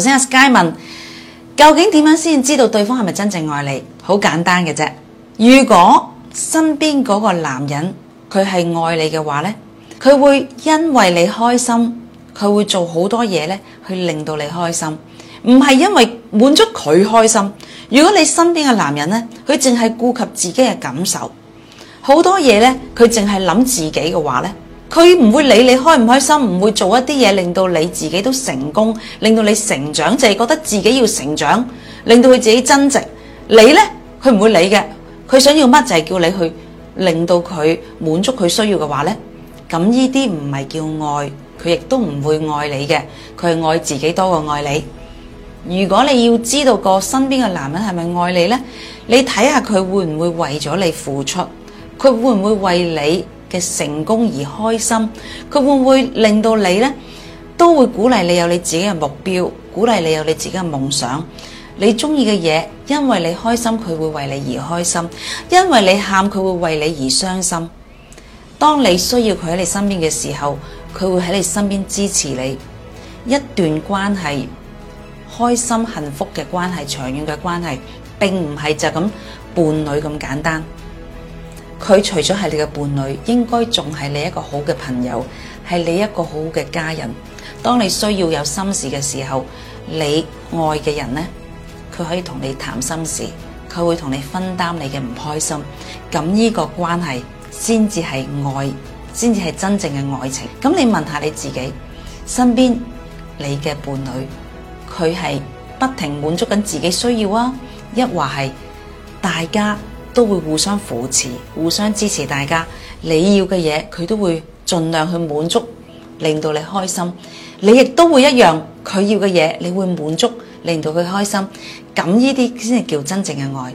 頭先，阿 Sky 問究竟點樣先知道對方係咪真正愛你？好簡單嘅啫。如果身邊嗰個男人佢係愛你嘅話咧，佢會因為你開心，佢會做好多嘢咧去令到你開心，唔係因為滿足佢開心。如果你身邊嘅男人咧，佢淨係顧及自己嘅感受，好多嘢咧佢淨係諗自己嘅話咧。佢唔會理你開唔開心，唔會做一啲嘢，令到你自己都成功，令到你成長，就係覺得自己要成長，令到佢自己增值。你呢？佢唔會理嘅。佢想要乜就係叫你去令到佢滿足佢需要嘅話呢。咁呢啲唔係叫愛，佢亦都唔會愛你嘅。佢係愛自己多過愛你。如果你要知道個身邊嘅男人係咪愛你呢，你睇下佢會唔會為咗你付出，佢會唔會為你嘅成功而開心，佢會唔會令到你呢？都會鼓勵你有你自己嘅目標，鼓勵你有你自己嘅夢想。你中意嘅嘢，因為你開心，佢會為你而開心；因為你喊，佢會為你而傷心。當你需要佢喺你身邊嘅時候，佢會喺你身邊支持你。一段關係，開心幸福嘅關係，長遠嘅關係，並唔係就咁伴侶咁簡單。佢除咗係你嘅伴侶，應該仲係你一個好嘅朋友，係你一個好嘅家人。當你需要有心事嘅時候，你愛嘅人呢，佢可以同你談心事，佢會同你分擔你嘅唔開心。咁呢個關係先至係愛，先至係真正嘅愛情。咁你問下你自己，身邊你嘅伴侶，佢係不停滿足緊自己需要啊？抑或係大家，都會互相扶持、互相支持，大家你要嘅嘢，佢都會盡量去滿足，令到你開心。你亦都會一樣，佢要嘅嘢，你會滿足，令到佢開心。咁呢啲先係叫真正嘅愛。